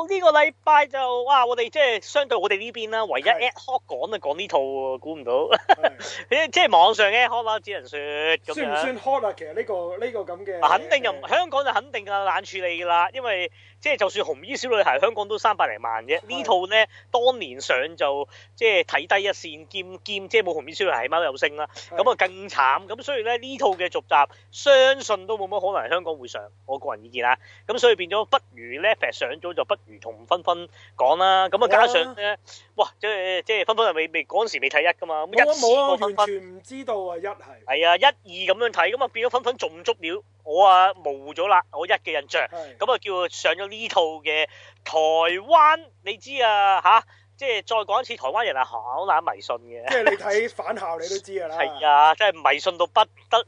呢、哦，這個禮拜就哇，我哋即係相對我哋呢邊啦，唯一 at hot 講就講呢套喎，估唔到，是 即係網上 at hot 嘅，可能只能說咁樣。算唔算 hot 啊？其實呢、這個呢、這個咁嘅，肯定又、呃、香港就肯定嘅啦，冷處理嘅啦，因為。即係就算紅衣小女孩，香港都三百零萬啫。是的 套呢套咧，當年上就即係睇低一線，兼兼即係冇紅衣小女孩，貓有聲啦。咁啊是的 更慘。咁所以咧，呢套嘅續集相信都冇乜可能喺香港會上。我個人意見啊。咁所以變咗，不如咧，上咗就不如同芬芬講啦。咁啊，加上咧，有啊、哇，即係即係芬芬係未未嗰陣時未睇一㗎嘛。冇啊，冇完全唔知道啊一係。係啊，一二咁樣睇，咁啊變咗芬芬仲足料。我啊模糊咗啦，我一嘅印象，咁啊是叫上咗呢套嘅台灣，你知啊吓，即係再講一次，台灣人係好難迷信嘅。 即係你睇返校你都知噶啦，係啊，真係迷信到不得了，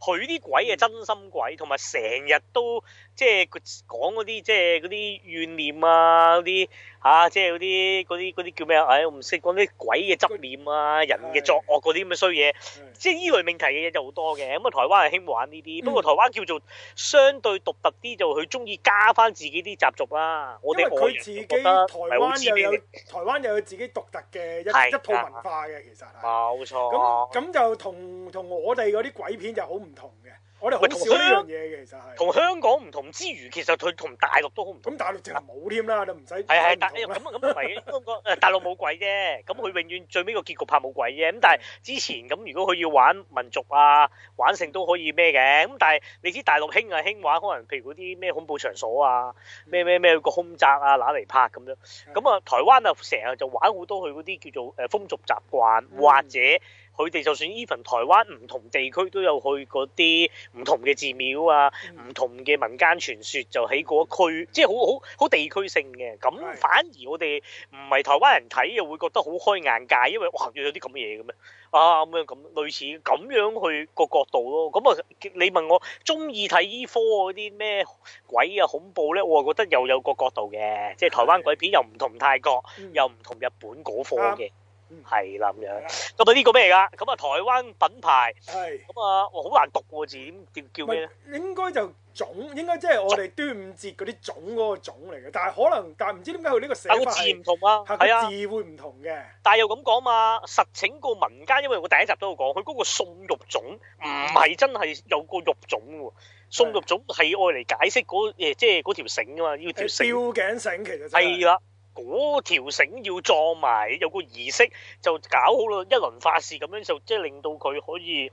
佢啲鬼係真心鬼，同埋成日都。即係講嗰啲即係嗰啲怨念啊，嗰啲嚇，即係嗰啲嗰啲啲叫咩啊？誒、哎，我唔識講啲鬼嘅執念啊，人嘅作惡嗰啲咁嘅衰嘢。哎、即係依類命題嘅嘢就好多嘅。咁啊，台灣係興玩呢啲，嗯、不過台灣叫做相對獨特啲，就佢中意加翻自己啲習俗啦。我哋佢自，自己台灣台灣又有自己獨特嘅一，的一套文化嘅，其實冇、啊啊、錯、啊。咁就同同我哋嗰啲鬼片就好唔同嘅。我哋好少一樣嘢嘅，其實係同香港唔同之餘，其實佢同大陸都好唔同。咁大陸就冇添啦，你唔使。係係用，咁啊咁咪，係，應該大陸冇鬼啫。咁佢 永遠最尾個結局拍冇鬼嘅。咁但係之前咁，如果佢要玩民族啊，玩性都可以咩嘅。咁但係你知大陸興啊興玩，可能譬如嗰啲咩恐怖場所啊，咩咩咩個空宅啊、拿嚟拍咁樣。咁啊、嗯嗯，台灣啊成日就玩好多佢嗰啲叫做誒風俗習慣或者、嗯。佢哋就算 even 台灣唔同地區都有去嗰啲唔同嘅寺廟啊，唔、mm hmm. 同嘅民間傳說就喺嗰區，mm hmm. 即係好好好地區性嘅。咁反而我哋唔係台灣人睇又會覺得好開眼界，因為哇有啲咁嘢嘅咩啊，咁樣咁類似咁樣去個角度咯。咁啊，你問我鍾意睇醫科嗰啲咩鬼啊恐怖咧，我啊覺得又有個角度嘅，即係台灣鬼片又唔同泰國，mm hmm. 又唔同日本嗰科嘅。Mm hmm. 係啦，咁樣，咁到底呢個咩嚟噶？咁啊台灣品牌，咁啊我好難讀個字，叫叫咩咧？應該就粽，應該即係我哋端午節嗰啲粽嗰個粽嚟嘅。但係可能，但係唔知點解佢呢個寫法字唔同啊？係啊，字會唔同嘅。但係又咁講嘛，實情個民間，因為我第一集都有講，佢嗰個送肉粽唔係真係有個肉粽嘅，送肉粽係愛嚟解釋嗰誒，即係嗰條繩噶嘛，要的條吊頸繩，其實係啦。 真 嗰條繩要撞埋，有個儀式就搞好啦，一輪法事咁樣就即係令到佢可以誒、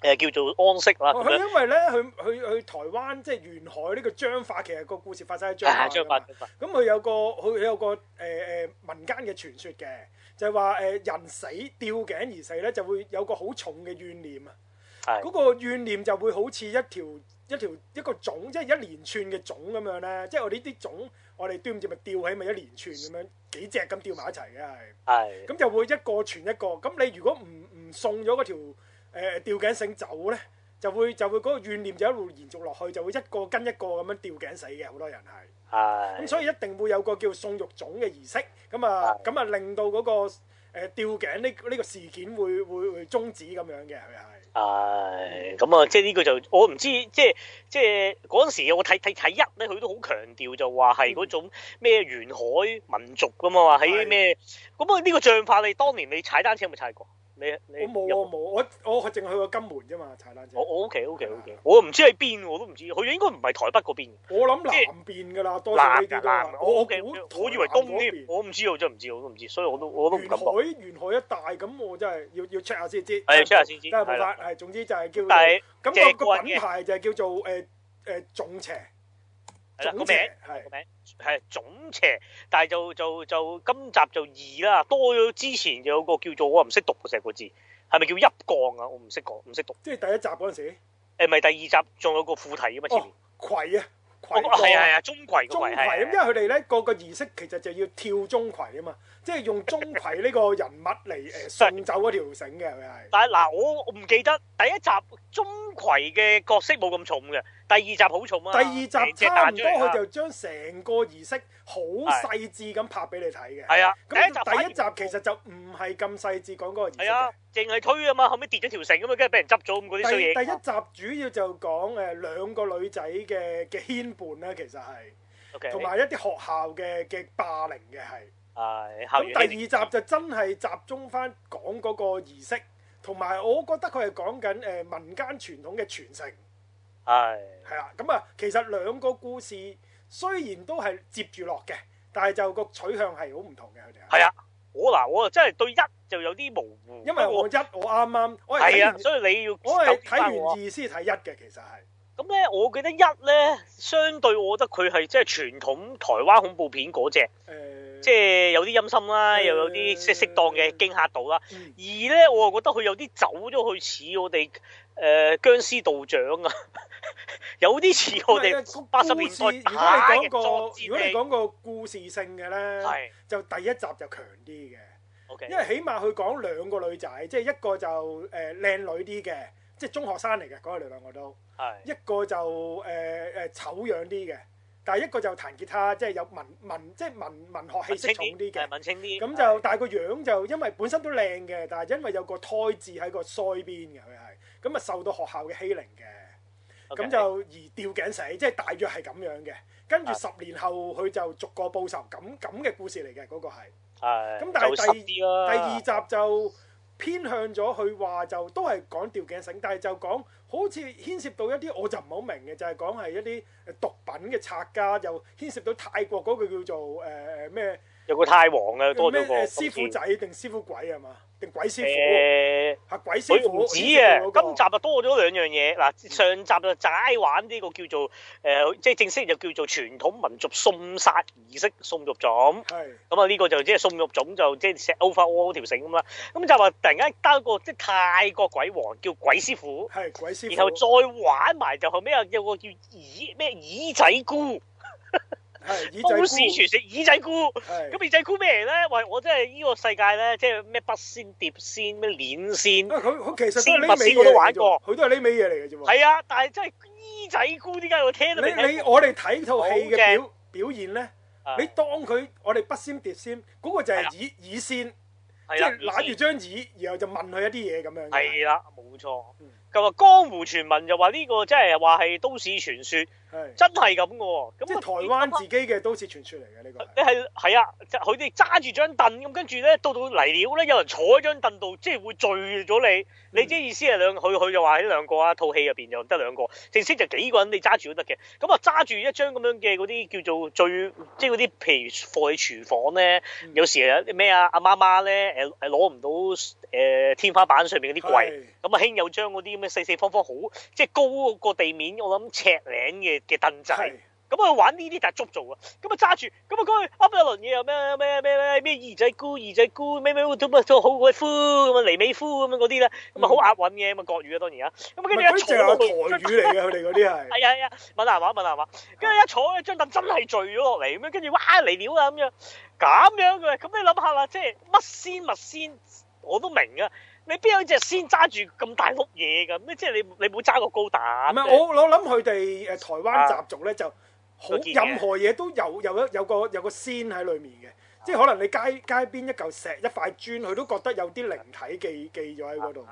呃、叫做安息啦。佢、啊、因為咧，佢去佢台灣即係、就是、沿海呢個彰化，其實個故事發生喺彰化，啊、彰化。咁。佢有個佢有個誒誒、呃、民間嘅傳說嘅，就係話誒人死吊頸而死咧，就會有個好重嘅怨念啊。嗰個怨念就會好似一條。一條一個粽，即係一連串嘅粽咁樣咧，即係我哋呢啲粽，我哋端午節咪吊起咪一連串咁樣幾隻咁吊埋一齊嘅係。係。咁就會一個傳一個，咁你如果唔唔送咗嗰條誒吊頸繩走咧，就會就會嗰個怨念就一路延續落去，就會一個跟一個咁樣吊頸死嘅，好多人係。係。咁所以一定會有個叫送肉粽嘅儀式，咁啊咁啊令到嗰個誒吊頸呢呢個事件會會會終止咁樣嘅係。誒，咁、哎、啊，即係呢個就我唔知，即係即係嗰陣時我睇睇睇一咧，佢都好強調就話係嗰種咩沿海民族噶嘛。嗯、這這話喺咩咁啊？呢個象法你當年你踩單車有冇踩過？你我冇我冇我我係淨係去過金門啫嘛，踩單車。我我 OK OK OK，我唔知喺邊喎，我都唔知。佢應該唔係台北嗰邊。我諗南邊噶啦，多數呢啲都係。南南。我我估，我以為東添。我唔知啊，真係唔知，我都唔知。所以我都我都感覺。沿海沿海一大咁，我真係要要 check 下先知。係 check 下先知。係冇法。係總之就係叫。但係。咁個個品牌就係叫做誒誒粽邪。個名係個名係粽邪，但係就就就今集就二啦，多咗之前有個叫做我唔識讀嘅成個字，係咪叫一降啊？我唔識講唔識讀。即係第一集嗰陣時，誒，唔係第二集仲有個副題嘅嘛？前面馗啊，馗係啊，係啊，鍾馗個馗。咁因為佢哋咧個個儀式其實就要跳鍾馗啊嘛。 即係用鐘馗呢個人物嚟誒送走嗰條繩嘅，係咪？但係嗱，我我唔記得第一集鐘馗嘅角色冇咁重嘅，第二集好重啊！第二集差唔多、呃，佢就將成個儀式好細緻咁拍俾你睇嘅。係啊，第一集其實就唔係咁細緻講嗰個儀式嘅。係啊，淨係推啊嘛，後尾跌咗條繩咁啊，跟住俾人執咗咁嗰啲衰嘢。第一集主要就講誒兩個女仔嘅嘅牽絆啦，其實係，同埋 Okay. 一啲學校嘅嘅霸凌嘅係。咁第二集就真係集中翻講嗰個儀式，同埋我覺得佢係講緊誒民間傳統嘅傳承，係係啦。咁啊、嗯，其實兩個故事雖然都係接住落嘅，但係就個取向係好唔同嘅。佢哋係啊，我嗱我啊真係對一就有啲模糊，因為我，我一我啱啱的我係睇，所以你要我係睇完二先睇一嘅，其實係。咁咧，我記得一咧，相對我覺得佢係即係傳統台灣恐怖片嗰隻，呃、即係有啲陰森啦，呃、又有啲適適當嘅驚嚇度啦。二咧、嗯，我覺得佢有啲走咗去似我哋誒殭屍道長啊，有啲似我哋。八十年代、嗯。如果你講個、哎、如果你講個故事性嘅咧，的就第一集就強啲嘅。OK，因為起碼佢講兩個女仔，即係一個就誒靚女啲嘅。即係中學生嚟嘅嗰兩兩個都，一個就誒誒、呃呃、醜樣啲嘅，但係一個就彈吉他，即係有文文即係文文學氣息重啲嘅，文青啲。咁就但係個樣就因為本身都靚嘅，但係因為有個胎痣喺個腮邊嘅佢係，咁啊受到學校嘅欺凌嘅，咁 Okay. 就而吊頸死，即、就、係、是、大約係咁樣嘅。跟住十年後佢、啊、就逐個報仇，咁咁嘅故事嚟嘅嗰個係。係、啊。咁但係第第二集就。偏向咗佢話就都係講吊頸繩，但係就講好似牽涉到一啲我就唔好明嘅，就係講係一啲誒毒品嘅拆家，又牽涉到泰國嗰個叫做誒咩？呃、有個泰王啊，多咗個。師傅仔定師傅鬼係嘛？定鬼師傅，鬼父子啊！那個、今集就多咗兩樣嘢。嗱，上集就齋玩呢個叫做，誒、呃，即係正式就叫做傳統民族送煞儀式，送肉粽。係是。咁啊，呢個就即係送肉粽，就即係食 over all 條繩咁啦。咁就話突然間加個即係泰國鬼王，叫鬼師傅。係鬼師傅。然後再玩埋就後尾有個叫耳咩耳仔姑。 耳仔菇，市全食耳仔菇。咁的耳仔菇咩嚟咧？喂，我真係呢個世界咧，即係咩筆仙、碟仙、咩鏈仙，佢佢其實都呢味嘢都玩過，佢都係呢味嘢嚟嘅啫喎。係啊，但係真係耳仔菇，點解我聽到明你，你我哋睇套戲嘅表棒表現咧，的你當佢我哋筆仙碟仙嗰個就係耳耳仙，即係攬住張耳，然後就問佢一啲嘢咁樣。係啦，冇錯。就話江湖傳聞，就話呢個即係話係都市傳說，是真係咁嘅喎。即係台灣自己嘅都市傳說嚟嘅呢個。你係係啊，即佢哋揸住張凳咁，跟住咧到到嚟料咧，有人坐喺張凳度，即係會醉咗你。你即係意思係兩，佢佢就話喺兩個啊，套戲入邊又得兩個，正式就幾個人你揸住都得嘅。咁啊揸住一張咁樣嘅嗰啲叫做最，即係嗰啲譬如放喺廚房咧，嗯、有時啊啲咩啊阿媽媽咧，誒攞唔到誒、呃、天花板上面嗰啲櫃，咁啊興有張嗰啲。四四方方好，即係高個地面，我諗尺零嘅嘅凳仔。咁啊是玩呢啲就竹做啊，咁啊揸住，咁啊過去噏一輪嘢又咩咩咩咩咩二仔姑，二仔姑，咩咩咁啊，好鬼夫，咁啊、like, right 嗯，嚟尾夫，咁樣嗰啲咧，咁啊好押韻嘅咁啊國語啊，當然啊，咁跟住一坐啊，台語嚟嘅。佢哋嗰啲係。係啊係啊，問下話問下話，跟住一坐咧，張凳真係醉咗落嚟咁樣，跟住嘩嚟料啦咁樣，咁樣嘅。咁你諗下啦，即係乜先乜先，我都明啊。你邊有隻先揸住咁大幅嘢㗎？咩即係你你冇揸過高達？唔係，我我諗佢哋誒台灣習俗咧就好，任何嘢都有有一有個有個仙喺裏面嘅，即係可能你街街邊一嚿石一塊磚，佢都覺得有啲靈體記記咗喺嗰度嘅。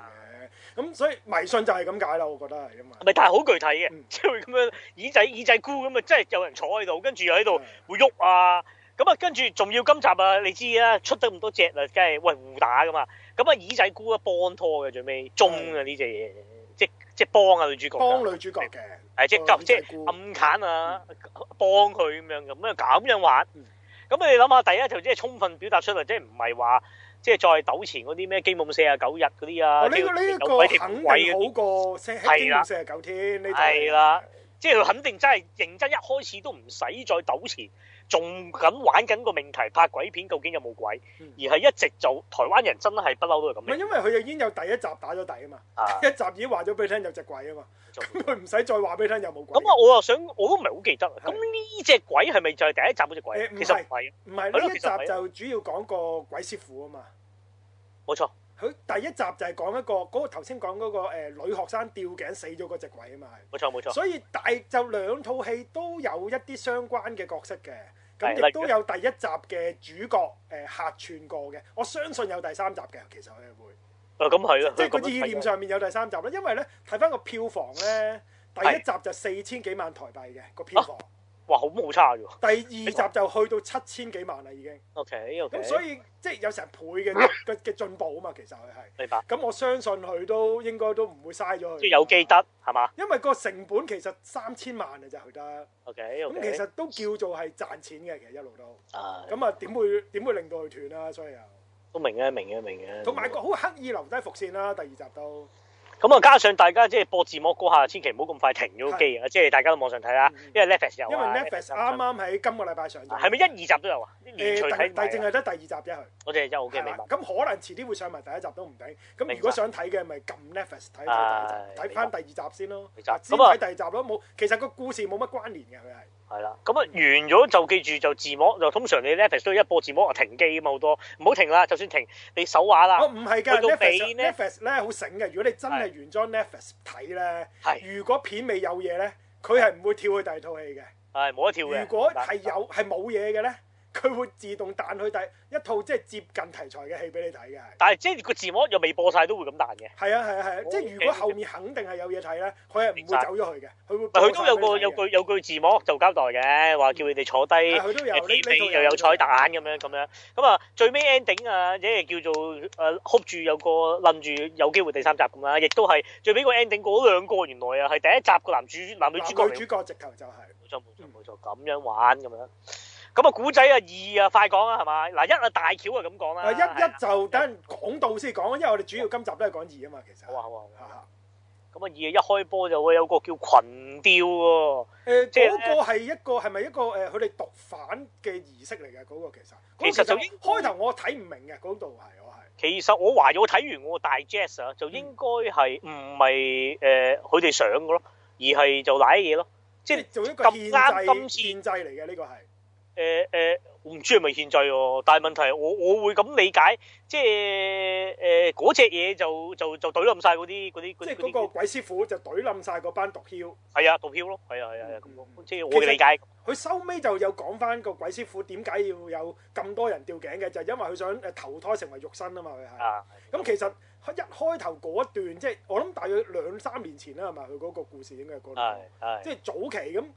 咁、啊、所以迷信就係咁解啦，我覺得係啊嘛。唔、啊、係，但係好具體嘅、嗯，即係會咁樣耳仔耳仔箍咁啊，即係有人坐喺度，跟住又喺度會喐啊。對 對 咁啊，跟住仲要今集啊，你知啦，出得咁多隻啦，梗係喂互打噶嘛。咁啊，耳仔姑啊幫拖嘅，最尾中啊呢隻嘢，即即幫啊女主角幫女主角嘅，誒即即暗砍啊，幫佢咁樣咁啊咁樣玩。咁你諗下，第一就即係充分表達出嚟，即係唔係話即係再糾纏嗰啲咩《基夢四十九日》嗰啲啊？呢呢個肯定好過《基夢四十九天》呢套。係啦，即係佢肯定真係認真，一開始都唔使再糾纏。仲咁玩緊個命題，拍鬼片究竟有冇鬼？而係一直做，台灣人真係不嬲都係咁。唔係因為佢已經有第一集打咗底啊嘛，啊第一集已經話咗俾你聽有隻鬼啊嘛，咁佢唔使再話俾你聽有冇鬼冇錯。咁我我又想我都唔係好記得。咁呢隻鬼係咪就係第一集嗰隻鬼？欸、其實唔係，唔係呢一集就主要講個鬼師傅啊嘛，冇錯。佢第一集就係講一個嗰個頭先講嗰個女學生吊頸死咗嗰隻鬼啊嘛，冇錯冇錯。所以大就兩套戲都有一啲相關嘅角色嘅。咁亦都有第一集嘅主角誒、呃、客串過嘅，我相信有第三集嘅，其實佢會。啊，咁係啦，嗯嗯、即係個意念上面有第三集啦，因為咧睇翻個票房咧，第一集就四千幾萬台幣嘅個票房。啊哇，好冇差啫喎！第二集就去到七千幾萬啦，已經。O K，咁所以即係有成倍嘅嘅嘅進步啊嘛，其實佢係。明白。咁我相信佢都應該都唔會嘥咗佢。即係有記得，係嘛？因為個成本其實三千萬嘅啫，佢得。O K，咁其實都叫做係賺錢嘅，其實一路都。啊。咁啊，點會點會令到佢斷啦？所以又。都明嘅，明嘅，明嘅。同埋個好刻意留低伏線啦，第二集都。咁啊！加上大家即係播字幕嗰下，千祈唔好咁快停咗機啊！即係大家都網上睇啦，因為 Netflix 有因為 Netflix 啱啱喺今個禮拜上集。係咪一二集都有啊？誒，但但淨係得第二集啫，佢。我哋 OK，OK 明白。咁可能遲啲會上埋第一集都唔定。咁如果想睇嘅咪撳 Netflix 睇睇翻第二集先咯。先睇第二集咯，冇，其實個故事冇乜關聯嘅佢係。係啦，咁啊，完咗就記住就字幕，就通常你 Netflix 都一播字幕就停機咁啊好多，唔好停啦，就算停你手畫啦。我唔係嘅，Netflix Netflix 咧好醒嘅，如果你真係原裝 Netflix 睇咧，的如果片未有嘢咧，佢係唔會跳去第二套戲嘅。係冇得跳嘅。如果係有係冇嘢嘅咧？那佢會自動彈佢第一套即係接近題材嘅戲俾你睇嘅。但係即係個字幕又未播晒，都會咁彈嘅。係啊係啊係啊！啊啊哦、即係如果後面肯定係有嘢睇咧，佢係唔會走咗去嘅。佢其實 會佢都有個有句有句字幕就交代嘅，話叫佢哋坐低。佢都、嗯嗯嗯嗯、有。你你又有彩蛋眼咁樣咁樣咁啊！最尾 ending 啊，即係叫做誒 hold 住有個冧住有機會第三集咁啦。亦都係最尾個 ending 過咗兩個，原來啊係第一集個男主男女主，主角。女主角直頭就係冇錯冇錯冇錯，咁、就是嗯、樣玩咁樣。咁啊，古仔啊二啊，快講啦，係咪？嗱一啊，大橋啊咁講啦。啊一一就等陣講到先講，因為我哋主要今集都係講二啊嘛，其實。好啊，好啊，咁啊二啊一開波就會有個叫群釣喎。誒，嗰個係一個係咪一個誒佢哋毒販嘅儀式嚟嘅嗰個其實？其實就應開頭我睇唔明嘅嗰度係我係。其實我懷疑我睇完我大 jazz 啊，就應該係唔係誒佢哋想嘅咯，而係就瀨嘢咯，即係做一個咁啱今次獻祭嚟嘅呢個係。誒誒、欸欸，我唔知係咪獻祭喎，但係問題我我會咁理解，即係誒嗰隻嘢就就就懟冧晒嗰啲啲，即係嗰個鬼師傅就懟冧晒嗰班毒梟。係啊、嗯，毒梟咯，係啊係啊。即係我嘅理解。佢收尾就有講翻個鬼師傅點解要有咁多人吊頸嘅，就係、是、因為佢想誒投胎成為肉身啊嘛，佢係。咁、啊嗯、其實佢一開頭嗰一段，即、就、係、是、我諗大約兩三年前啦，係咪？佢、那、嗰個故事應該係嗰段，即係早期咁。的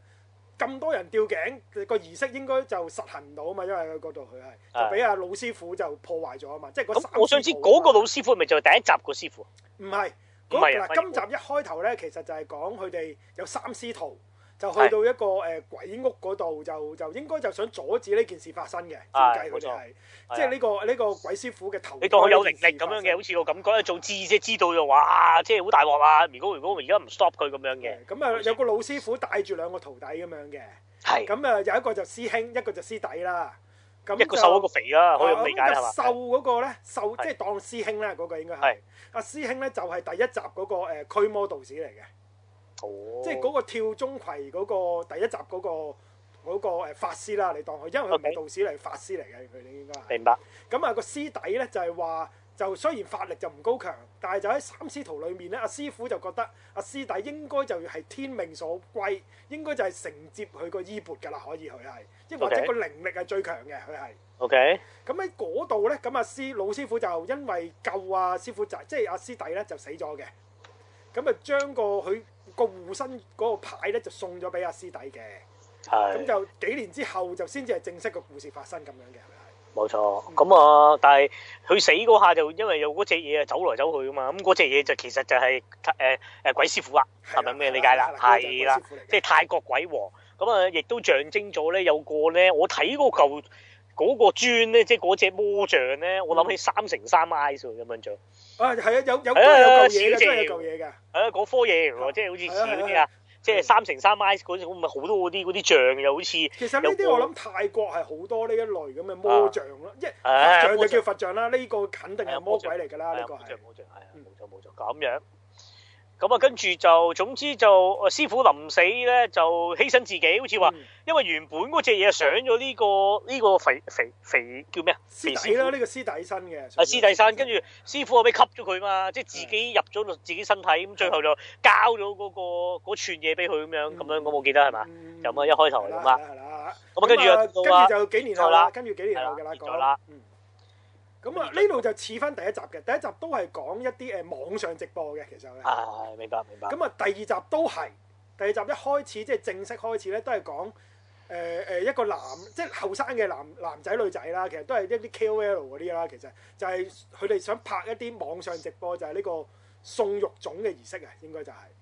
咁多人吊頸，個儀式應該就實行唔到啊嘛，因為嗰度佢係就俾阿老師傅就破壞咗啊嘛，即係三。我想知嗰個老師傅咪就係第一集個師傅？唔係嗱，嗰個、今集一開頭咧，其實就係講佢哋有三師徒。就去到一個誒鬼屋嗰度，就就應該就想阻止呢件事發生嘅設計好似係，即係呢個呢、呢個鬼師傅嘅頭。你當佢有靈力咁樣嘅，好似個感覺的做知啫，知道就哇，即係好大鑊啊！如果如果而家唔 stop 佢咁樣嘅，咁啊有個老師傅帶住兩個徒弟咁樣嘅，係咁啊有一個就師兄，一個就師弟啦。咁一個瘦一個肥啦，我唔理解瘦嗰個咧瘦即係當師兄啦，嗰、嗰個應該係阿師兄咧，就係第一集嗰個誒驅魔道士嚟嘅。即係嗰個跳鍾馗嗰個第一集嗰、那個嗰、那個法師啦，你當佢，因為佢唔係道士嚟，Okay. 法師嚟嘅佢應該係。明白。咁啊個師弟咧就係、是、話，就雖然法力就唔高強，但係就喺三師徒裏面咧，阿、啊、師傅就覺得阿、啊、師弟應該就係天命所歸，應該就係承接佢個衣缽㗎啦，可以佢係，即或者個靈力係最強嘅，佢係。O Okay . K。咁喺嗰度咧，咁阿師老師傅就因為救阿、啊、師傅就即係阿、啊、師弟咧就死咗嘅，咁啊將個佢。個護身嗰個牌咧就送咗俾阿師弟嘅，咁係就幾年之後就先至係正式個故事發生咁樣嘅，冇錯，咁、嗯嗯、啊，但係佢死嗰下就因為有嗰隻嘢啊走來走去啊嘛，咁嗰隻嘢就其實就係誒誒鬼師傅啦，係咪咩理解啦？係啦，即係泰國鬼王，咁啊亦都象徵咗咧有個咧，我睇嗰嚿嗰個磚咧，即係嗰隻魔像咧，嗯、我諗起三乘三,三 eyes 咁樣做。啊，係啊，有有棵有舊嘢嘅，係啊，嗰棵嘢原來即係好似似嗰啲啊，即係三乘三米嗰陣時咁咪好多嗰啲嗰啲像又好似。其實呢啲我諗泰國係好多呢一類咁嘅魔像咯，即係像就叫佛像啦，呢個肯定係魔鬼嚟噶啦，呢個係。冇錯冇錯，咁樣。咁啊，跟住就，總之就，師傅臨死咧就犧牲自己，好似話，因為原本嗰隻嘢上咗呢個呢個肥肥肥叫咩啊？師弟啦，呢個師弟身嘅。啊，師弟身，跟住師傅俾吸咗佢嘛，即係自己入咗自己身體，咁最後就交咗嗰個嗰串嘢俾佢咁樣，咁樣我冇記得係嘛？就咁啊，一開頭咁啊。係啦。咁啊，跟住到跟住就幾年後啦。跟住幾年後嘅啦。啦。咁啊，呢度就似翻第一集嘅，第一集都係講一啲誒網上直播嘅，其實咧。係係、啊，明白明白。咁啊，第二集都係，第二集一開始即係、就是、正式開始咧，都係講誒誒一個男，即係後生嘅男男仔女仔啦，其實都係一啲 KOL 嗰啲啦，其實就係佢哋想拍一啲網上直播，就係、是、呢個送肉粽嘅儀式啊，應該就係、是。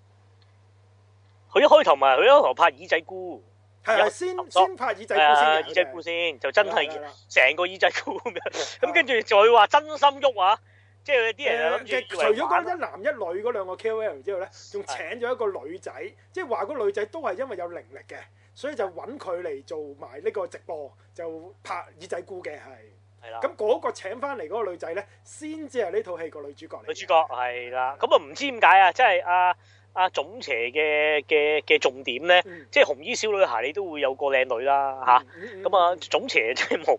佢一開頭咪，佢一開頭拍耳仔菇。係啦，先先拍耳仔菇先，耳仔菇先就真係成個耳仔菇咁樣，咁跟住再話真心喐啊！即係啲人，即係除咗嗰一男一女嗰兩個 KOL 之後咧，仲請咗一個女仔，即係話嗰女仔都係因為有靈力嘅，所以就揾佢嚟做埋呢個直播，就拍耳仔菇嘅係。係啦，咁嗰個請翻嚟嗰個女仔咧，先至係呢套戲個女主角嚟。女主角係啦，咁啊唔知點解啊，即係啊。阿粽邪嘅嘅嘅重點咧，即係紅衣小女孩你都會有個靚女啦嚇。咁啊，粽邪、嗯、即係冇。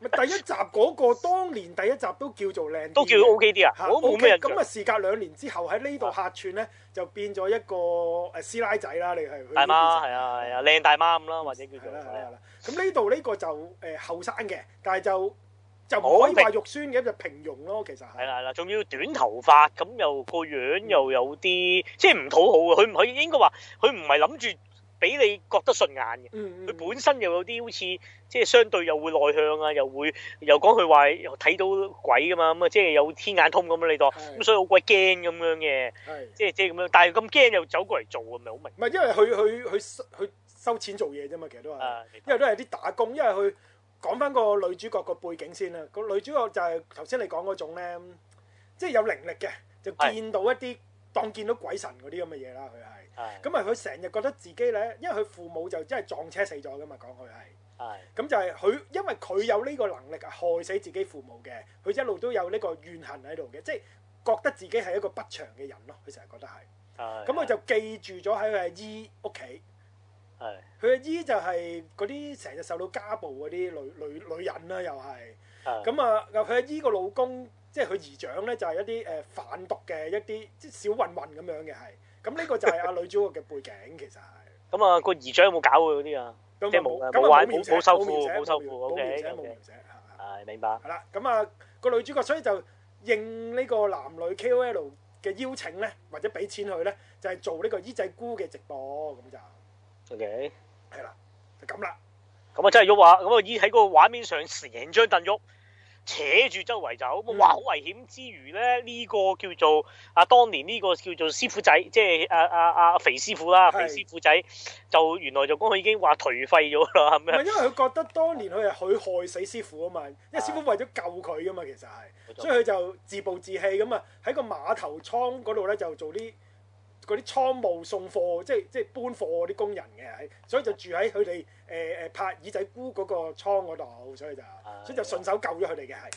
第一集嗰、嗰個，當年第一集都叫做靚、啊，都叫 O K 啲啊。是我冇咩印象咁啊，事隔兩年之後喺呢度客串咧，就變咗一個誒師奶仔啦。你係大媽，係啊係啊，靚、啊、大媽咁、啊、啦，或者叫做咁呢度呢個就誒後生嘅，但係就。就唔可以話肉酸嘅，就平庸咯。其實係係啦，仲我要短頭髮，咁又個樣又有啲，嗯、即係唔討好嘅。佢唔可以應該話，佢唔係諗住俾你覺得順眼嘅。佢、嗯、本身又有啲好似，即係相對又會內向啊，又會又講佢話又睇到鬼噶嘛，咁啊即係有天眼通咁樣你度，咁是所以好鬼驚咁樣嘅。即係是即係咁樣，但係咁驚又走過嚟做，唔係好明。唔係因為佢佢佢收收錢做嘢啫嘛，其實都係。因為都係啲打工，因為佢。講翻個女主角個背景先啦，個女主角就係頭先你講嗰種咧，即係有靈力嘅，就見到一啲的當見到鬼神嗰啲咁嘅嘢啦。佢係，咁啊佢成日覺得自己咧，因為佢父母就真係撞車死咗㗎嘛。講佢係，咁的就係佢，因為佢有呢個能力啊，害死自己父母嘅，佢一路都有呢個怨恨喺度嘅，即係覺得自己係一個不祥嘅人咯。佢成日覺得係，咁佢的、嗯、就記住咗喺佢阿姨屋企。佢阿姨就係嗰啲成日受到家暴嗰啲女女女人啦，又係咁啊。佢阿姨個老公即係佢姨丈咧，就係一啲誒販毒嘅一啲小混混咁樣嘅係。咁呢個就係阿女主角嘅背景，其實係咁啊。個姨丈有冇搞佢嗰啲啊？即係冇，冇，冇收冇收，冇寫冇寫。係，明白。係啦。O.K. 係啦，就咁啦，咁啊真係喐，話，咁啊已喺嗰個畫面上成張凳喐，扯住周圍走，哇好危險之餘咧，呢、呢個叫做阿、啊、當年呢個叫做師傅仔，即係阿阿阿肥師傅啦，是肥師傅仔就原來就講佢已經話頹廢咗啦，係咪？因為佢覺得當年佢係佢害死師傅啊嘛，因為師傅為咗救佢噶嘛，其實係，錯所以佢就自暴自棄咁啊喺個碼頭倉嗰度咧就做啲。嗰啲倉務送貨，即係即係搬貨啲工人嘅，所以就住喺佢哋誒誒拍耳仔菇嗰個倉嗰度，所以就、uh, 所以就順手救咗佢哋嘅係。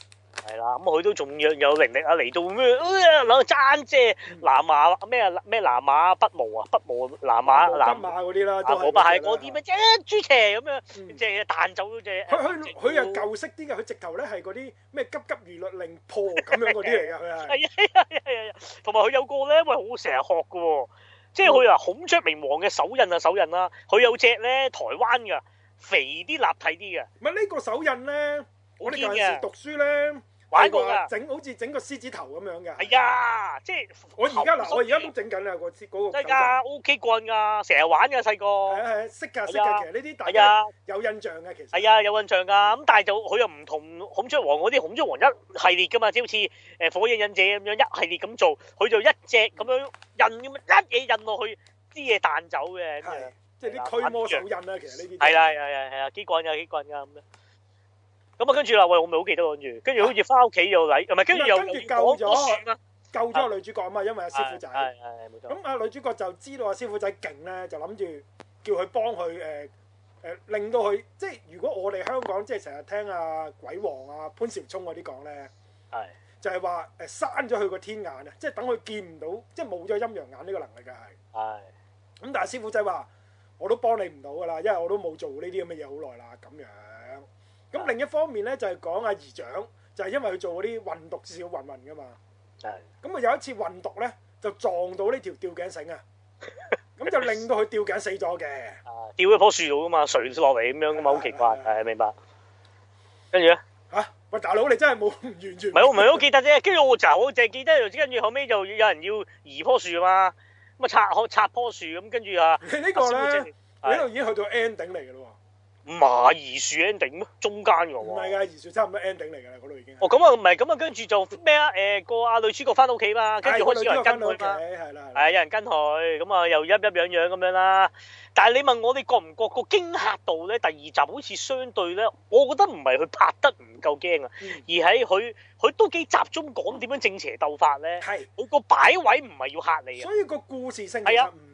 係啦，咁佢、嗯、都仲要有靈力啊！嚟到咩啊，攞個爭遮南馬咩啊咩南馬北毛啊，北毛南馬南馬嗰啲啦，都係冇辦嗰啲咩，嗯、即係粽邪咁樣，即係彈走嗰隻。佢佢佢又舊式啲嘅，佢直頭咧係嗰啲咩急急如律令破咁樣嗰啲嚟噶。佢係系係係，同埋佢有個咧、嗯這個，我好成日學嘅喎，即係佢啊，孔雀明王嘅手印啊手印啦，佢有隻咧台灣嘅，肥啲立體啲嘅。唔係呢個手印咧，我哋嗰陣讀書咧。玩過噶，整好似整個獅子頭咁樣嘅。係啊、哎，即係我而家嗱，我而家都整緊啦，嗰、那、嗰個。真噶，O K 棍噶，成、OK, 日玩噶細個。係啊係啊，識噶識噶，其實呢啲大家有印象嘅、哎、呀其實。係啊、哎，有印象噶，咁但係就佢又唔同孔雀王嗰啲孔雀王一系列噶嘛，即好似誒火影忍者咁樣一系列咁做，佢就一隻咁樣印咁樣一嘢印落去啲嘢彈走嘅。係，即係啲驅魔術、嗯、印啊，其實呢啲。係啦係啦係啦，幾棍有幾棍噶咁。嗯嗯嗯嗯嗯嗯嗯咁啊，跟住啦，喂，我咪好記得咯，跟住，跟住好似翻屋企又禮，唔係的跟住又救咗了，救咗個女主角啊嘛，的因為阿師傅仔，係係冇錯。咁啊，女主角就知道阿師傅仔勁咧，就諗住叫佢幫佢誒誒，令到佢即係如果我哋香港即係成日聽阿、啊、鬼王啊潘兆聰嗰啲講咧，係的就係話誒閂咗佢個天眼啊，即係等佢見唔到，即係冇咗陰陽眼呢個能力㗎係。係的。咁的但係師傅仔話：我都幫你唔到㗎啦，因為我都冇做呢啲咁嘅嘢好耐啦，咁樣。咁另一方面咧就係講阿姨長，就係因為佢做嗰啲運毒少運運噶嘛。係。咁啊有一次運毒咧，就撞到呢條吊頸繩啊，咁就令到佢吊頸死咗嘅。啊！吊一樖樹度噶嘛，垂落嚟咁樣噶嘛，好奇怪。係，明白。跟住咧嚇，喂大佬，你真係冇完全，唔係我唔係好記得啫。跟住我就好淨係記得，跟住後尾就要有人要移樖樹嘛，咁啊拆開拆樖樹咁，跟住啊。呢個咧，呢度已經去到 ending 嚟嘅咯喎。馬兒樹 ending 咩？中間嘅喎。唔係噶，兒樹差唔多 ending 嚟噶啦，嗰度已經。哦，咁啊，唔係，咁啊，跟住就咩啊？誒、呃，個阿女主角翻到屋企嘛，跟住開始有人跟佢嘛。係啦，係有人跟佢，咁啊，又陰陰陽陽咁樣啦。但係你問我哋，覺唔覺個驚嚇度咧？第二集好似相對咧，我覺得唔係佢拍得唔夠驚啊，嗯、而喺佢，佢都幾集中講點樣正邪鬥法咧。係。佢個擺位唔係要嚇你啊。所以個故事性係啊。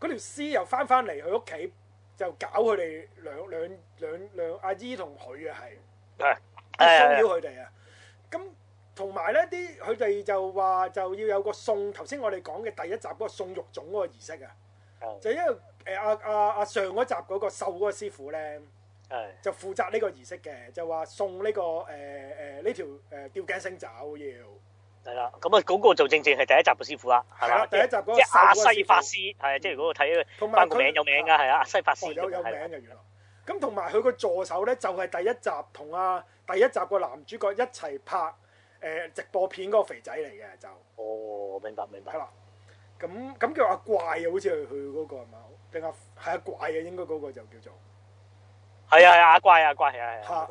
嗰條屍又翻翻嚟佢屋企，就搞佢哋兩兩兩兩阿姨同佢啊，係，騷擾佢哋啊。咁同埋咧啲佢哋就話就要有個送頭先我哋講嘅第一集嗰個送肉粽嗰個儀式啊。就因為誒阿阿阿上嗰集嗰個秀嗰個師傅咧，就負責呢個儀式嘅，就話送呢個誒誒呢條誒吊頸星爪要。係啦，咁啊，嗰個就正正係第一集嘅師傅啦，係嘛？第一集嗰個阿西法師係，即係如果睇翻個名有名噶係阿西法師，有有名嘅。原來，咁同埋佢個助手咧，就係第一集同阿第一集個男主角一齊拍誒直播片嗰個肥仔嚟嘅就哦，明白明白。咁咁叫阿怪啊，好似係佢嗰個係嘛？定阿係阿怪啊，應該嗰個就叫做係啊係阿怪阿怪係啊係啊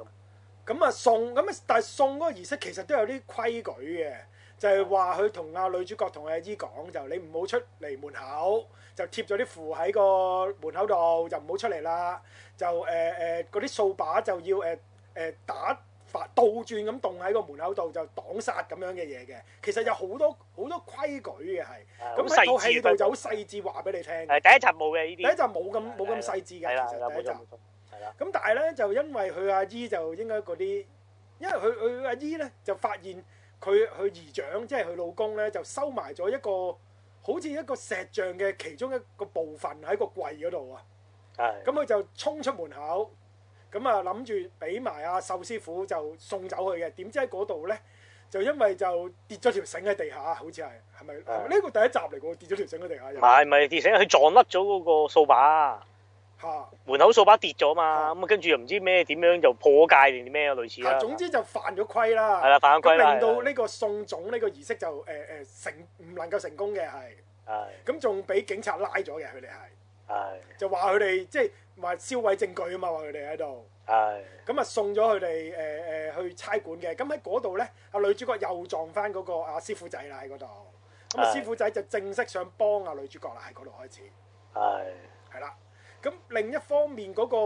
咁啊送咁啊，但係送嗰個儀式其實都有啲規矩嘅。就係話佢同阿女主角同阿姨講就你唔好出嚟門口，就貼咗啲符喺個門口度，就唔好出嚟啦。就誒誒嗰啲掃把就要誒誒打反倒轉咁棟喺個門口度，就擋煞咁樣嘅嘢嘅。其實有好多好多規矩嘅係。咁喺套戲度就好細緻話俾你聽。誒第一集冇嘅呢啲，第一集冇咁冇咁細緻嘅。其實，第一集。冇錯 aza ik saliva。係啦。咁但係咧就因為佢阿姨就應該嗰啲，因為佢佢阿姨咧就發現。佢佢姨丈即係佢老公咧，就收埋咗一個好似一個石像嘅其中一個部分喺個櫃嗰度啊。係的。咁佢就衝出門口，咁啊諗住俾埋阿壽師傅就送走佢嘅。點知喺嗰度咧，就因為就跌咗條繩喺地下，好似係係咪？呢個的第一集嚟嘅喎，跌咗條繩喺地下。唔係咪？跌繩，佢撞甩咗嗰個掃把。吓門口掃把跌咗嘛，咁啊跟住又唔知咩點樣就破戒定咩啊類似啦。總之就犯咗規啦。係啦，犯咗規啦。佢令到呢個送總呢個儀式就誒誒成唔能夠成功嘅。係。係。咁仲俾警察拉咗嘅佢哋。係。係。就話佢哋即係話銷毀證據啊嘛，話佢哋喺度。係。咁啊送咗佢哋誒誒去差館嘅，咁喺嗰度咧，阿女主角又撞翻嗰個阿師傅仔啦喺嗰度。咁啊師傅仔就正式想幫阿女主角啦喺嗰度開始。係。係啦。咁另一方面嗰、那個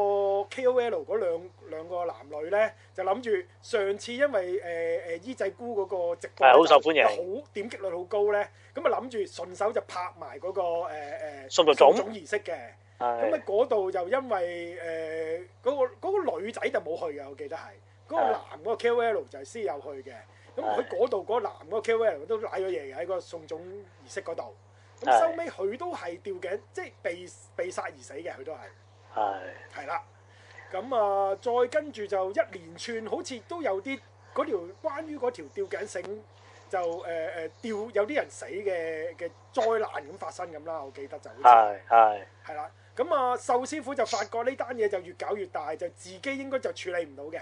KOL 嗰兩兩,兩個男女咧，就諗住上次因為誒誒、呃呃、椅仔姑嗰個直播的好受歡迎，好點擊率好高咧，咁啊諗住順手就拍埋、那、嗰個誒誒、呃、送，種送種儀式嘅，咁喺嗰度就因為誒嗰、呃那個嗰、那個女仔就冇去嘅，我記得係嗰、那個男嗰個 KOL 就係先有去嘅，咁喺嗰度嗰個男嗰個 KOL 都瀨咗嘢嘅，喺個送種儀式嗰度。咁收尾佢都係吊頸，即係被被殺而死嘅，佢都係係係啦。咁啊的，再跟住就一連串，好似都有啲嗰條關於嗰條吊頸繩就誒誒、呃、吊有啲人死嘅嘅災難咁發生咁啦。我記得就好似係係係啦。咁啊的的，壽師傅就發覺呢單嘢就越搞越大，就自己應該就處理唔到嘅。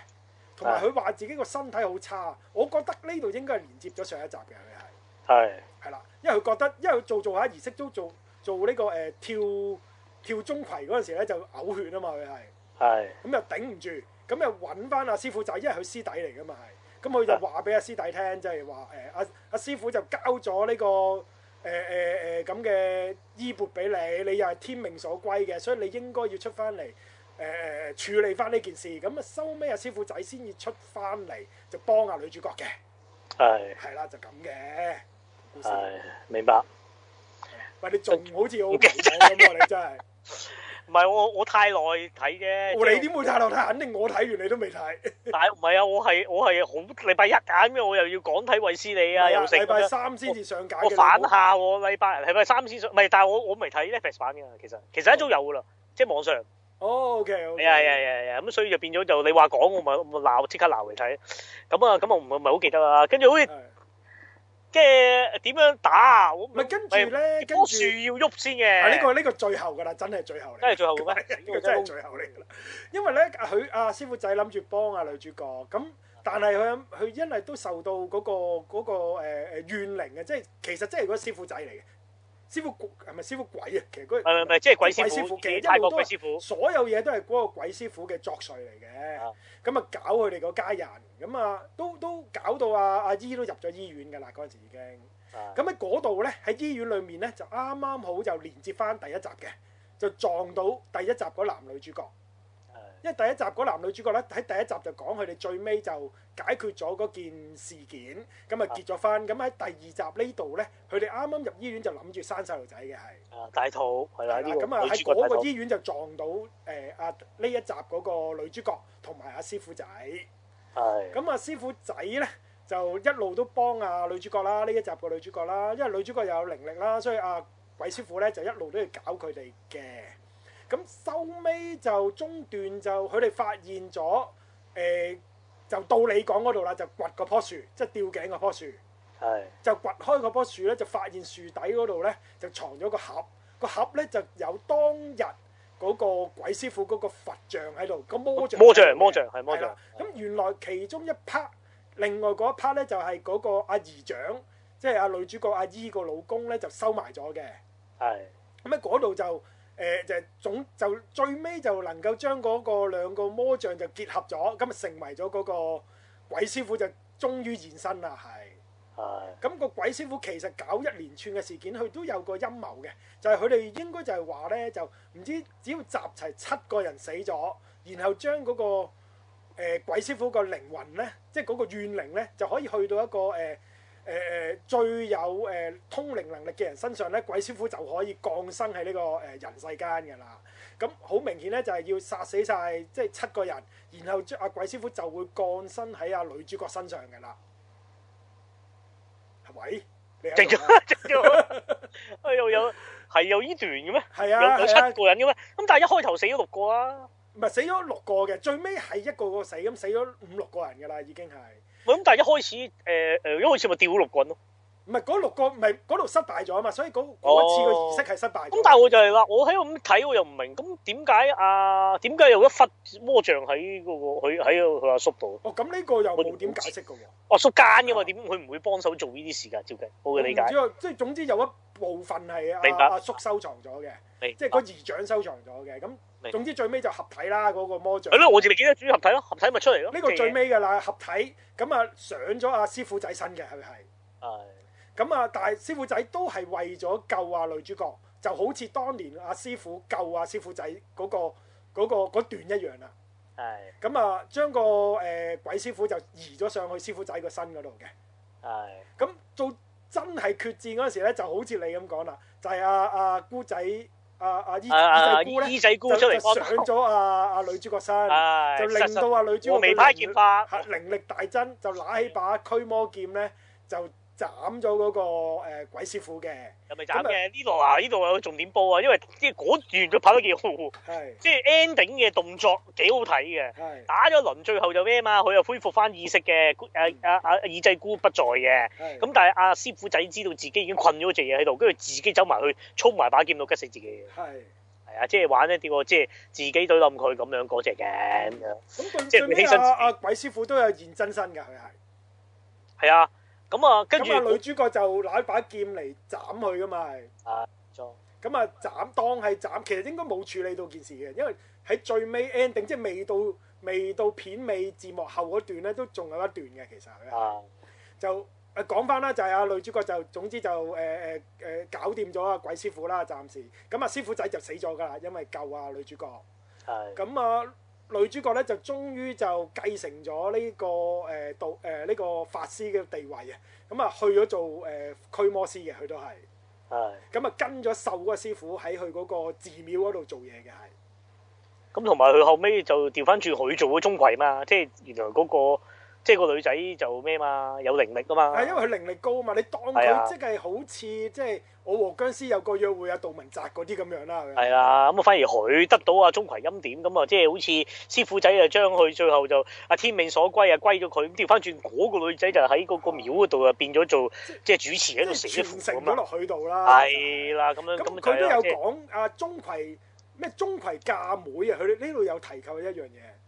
同埋佢話自己個身體好差，我覺得呢度應該係連接咗上一集嘅，佢係係係啦。的因為佢覺得，因為做做下儀式都做做、呢個呃、呢個誒跳跳鍾馗嗰陣時咧就嘔血啊嘛佢係，咁的又頂唔住，咁又揾翻阿師傅仔，因為佢師弟嚟噶嘛係，咁佢就話俾阿師弟聽，即係話誒阿阿師傅就交咗呢、呢個誒誒誒咁嘅衣缽俾你，你又係天命所歸嘅，所以你應該要出翻嚟誒誒處理翻呢件事，咁啊收尾阿師傅仔先至出翻嚟就幫阿女主角嘅，係的，係啦就咁嘅。係、啊、明白，喂你仲好我似好記咁啊！你真係，唔係道我我太耐睇嘅。你點會太耐睇？肯定我睇完你都未睇。但係唔係啊？我係我係好禮拜日啊，咁我又要講睇衞斯理啊，啊又成禮拜三先至上架。我，我反下我禮拜禮拜三先上？唔係，但係我我未睇 Netflix 版噶，其實其實一早有噶啦，哦、即係網上。哦，OK，係啊係 okay, 啊咁、啊啊啊啊、所以變說說就變咗就你話講我咪鬧，即刻鬧嚟睇。咁啊咁我唔咪唔咪好記得啦。跟住好似。的嘅係點樣打啊？唔係跟住咧，跟住要喐先嘅。呢個呢個最後㗎啦，真係最後嚟。真係最後嘅呢 個真係最後嚟㗎啦。 因為咧，佢、啊、阿、啊、師傅仔諗住幫阿女主角，咁但係佢佢因為都受到嗰、嗰個嗰、嗰個、呃、怨靈嘅，即係其實即係嗰師傅仔嚟嘅。師傅鬼係咪師傅鬼啊？其實嗰、嗰個係即係鬼師傅，其實一路都係鬼師傅，師傅，所有嘢都係嗰個鬼師傅嘅作祟嚟嘅。咁是啊搞佢哋個家人，咁啊都都搞到阿、啊、阿姨都入咗醫院㗎啦。嗰陣時已經，咁喺嗰度咧，喺醫院裏面咧就啱啱好就連接翻第一集嘅，就撞到第一集嗰男女主角。因為第一集嗰男女主角咧，喺第一集就講佢哋最尾就解決咗嗰件事件，咁啊結咗婚。咁喺第二集呢度咧，佢哋啱啱入醫院就諗住生細路仔嘅係。啊大肚係啦，咁啊喺嗰個醫院就撞到誒阿呢一集嗰個女主角同埋阿師傅仔。係的。咁啊師傅仔咧就一路都幫阿、啊、女主角啦，呢一集個女主角啦，因為女主角又有靈力啦，所以阿、啊、鬼師傅咧就一路都要搞佢哋嘅。咁收尾就中段就、呃，就佢哋發現咗誒，就到你講嗰度啦，就掘嗰棵樹，即係吊頸嗰棵樹，係是的 就掘開嗰棵樹咧，就發現樹底嗰度咧就藏咗個盒，個盒咧就有當日嗰個鬼師傅嗰個佛像喺度，個魔,魔像，魔像，魔像係魔像。咁原來其中一 part，的另外嗰一 part 咧就係嗰個阿姨丈，即係阿女主角阿姨個老公咧就收埋咗嘅，係咁喺嗰度就。誒、呃、就總就最尾就能夠將嗰個兩個魔像就結合咗，咁啊成為咗嗰個鬼師傅就終於現身啦，係。係的。咁個鬼師傅其實搞一連串嘅事件，佢都有個陰謀嘅，就係佢哋應該就係話咧，就唔知只要集齊七個人死咗，然後將嗰、嗰個、呃、鬼師傅個靈魂咧，即係嗰個怨靈咧，就可以去到一個誒。呃誒誒、呃，最有誒、呃、通靈能力嘅人身上咧，鬼師傅就可以降生喺呢、這個誒、呃、人世間嘅啦。咁好明顯咧，就係、是、要殺死晒即係七個人，然後阿、啊、鬼師傅就會降生喺阿、啊、女主角身上嘅啦。喂，靜咗、啊，靜咗。 哎呦，啊、有係有呢段嘅咩？係啊，有七個人嘅咩？咁、啊啊、但係一開頭死咗六個啊？唔係死咗六個嘅，最尾係一個個死，咁死咗五六個人嘅啦，已經係。喂，咁但係一開始，誒、呃、誒，一開始咪掉六棍咯。唔係嗰六個，唔係嗰度失敗咗啊嘛，所以嗰嗰一次個儀式係失敗。咁但係我就係話，我喺度咁睇，我又唔明，咁點解啊？點解有一忽魔像喺嗰個佢喺佢阿叔度？哦，咁呢個又冇點解釋嘅喎。阿叔奸嘅嘛，點佢唔會幫手做呢啲事嘅？照計，我嘅理解。即係總之有一部分係阿阿叔收藏咗嘅，即係嗰姨丈收藏咗嘅。咁總之最尾就合體啦，嗰個魔像。係咯，我知你幾多主合體咯，合體咪出嚟咯。呢個最尾㗎啦，合體咁啊上咗阿師傅仔身嘅係咪係？係。咁啊！但係師傅仔都係為咗救啊女主角，就好似當年阿師傅救阿師傅仔嗰、嗰個、嗰個、段一樣啦。係咁啊，將個誒鬼師傅就移咗上去師傅仔個身嗰度嘅。係咁的到真係決戰嗰陣時咧，就好似你咁講啦，就係阿阿姑仔阿阿、啊、姨 uh, uh, 姨仔姑咧、uh, 上咗阿阿女主角身，uh, 就令到阿女主角佢靈力，uh, 力大增，就拿起把驅魔劍咧就。斬咗嗰個誒鬼師傅嘅，又咪斬嘅呢度啊？呢度有個重點波啊！因為即係果段佢拍得幾好，即係 ending 嘅動作幾好睇嘅。打咗輪，最後就咩嘛？佢又恢復翻意識嘅，誒誒誒，耳仔孤不在嘅。咁但係阿師傅仔知道自己已經困咗隻嘢喺度，跟住自己走埋去，沖埋把劍到吉死自己嘅。係係啊，即係玩一啲點講？即係自己對冧佢咁樣嗰隻嘅。咁最最尾阿阿鬼師傅都有現真身噶，佢係係啊。咁啊，咁啊、嗯，跟住女主角就拿把劍嚟斬佢㗎嘛，啊，咁啊，斬、嗯、當係斬，其實應該冇處理到件事嘅，因為喺最尾 ending，即係未到未到片尾字幕後嗰段咧，都仲有一段嘅其實佢、啊。啊。就誒講返啦，就係、是、啊女主角就總之就誒誒誒搞掂咗啊鬼師傅啦，暫時。咁、嗯、啊，師傅仔就死咗㗎，因為救啊女主角。係是。咁啊、嗯。嗯女主角咧就終於就繼承咗呢、這個誒道誒呢個法師嘅地位啊，咁啊去咗做誒驅、呃、魔師嘅，佢都係。係、哎。咁啊跟咗壽嗰個師傅喺佢嗰個寺廟嗰度做嘢嘅係。咁同埋佢後尾就調翻轉，佢做咗鍾馗嘛，即係原來嗰、那個。即係個女仔就咩嘛，有靈力噶嘛。係、啊、因為佢靈力高啊嘛，你當佢即係好似、啊、即係我和殭屍有個約會啊，杜汶澤嗰啲咁樣啦。係啦、啊，咁啊反而佢得到阿鍾馗欽點，咁啊即係好似師傅仔啊將佢最後就阿天命所歸，歸、那個、啊，歸咗佢。咁調翻轉嗰個女仔就喺嗰個廟嗰度啊變咗做即係主持喺度成咁啊。傳承咗落去度啦。係啦、啊，咁樣咁佢都有講阿鍾馗咩鍾馗嫁妹啊，佢呢度有提及一樣嘢。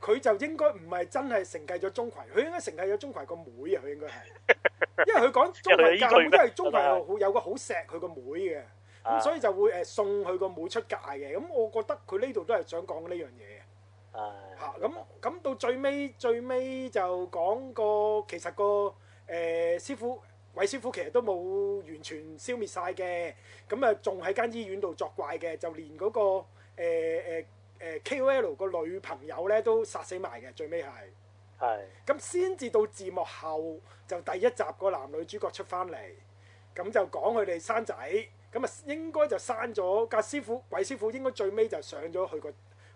佢就應該唔係真係承繼咗鐘馗，佢應該承繼咗鐘馗個妹啊！佢應該係，因為佢講鐘馗教會都係鍾馗會有個好錫佢個妹嘅，咁所以就會誒送佢個妹出嫁嘅。咁我覺得佢呢度都係想講呢樣嘢嘅。嚇咁，咁到最尾最尾就講個其實個誒師傅韋師傅其實都冇完全消滅曬嘅，咁啊仲喺間醫院度作怪嘅，就連嗰個誒誒。呃、K.O.L 個女朋友咧都殺死埋嘅，最尾係，係咁先。至到字幕後就第一集個男女主角出翻嚟，咁就講佢哋生仔，咁啊應該就生咗格師傅鬼師傅應該最尾就上咗佢個，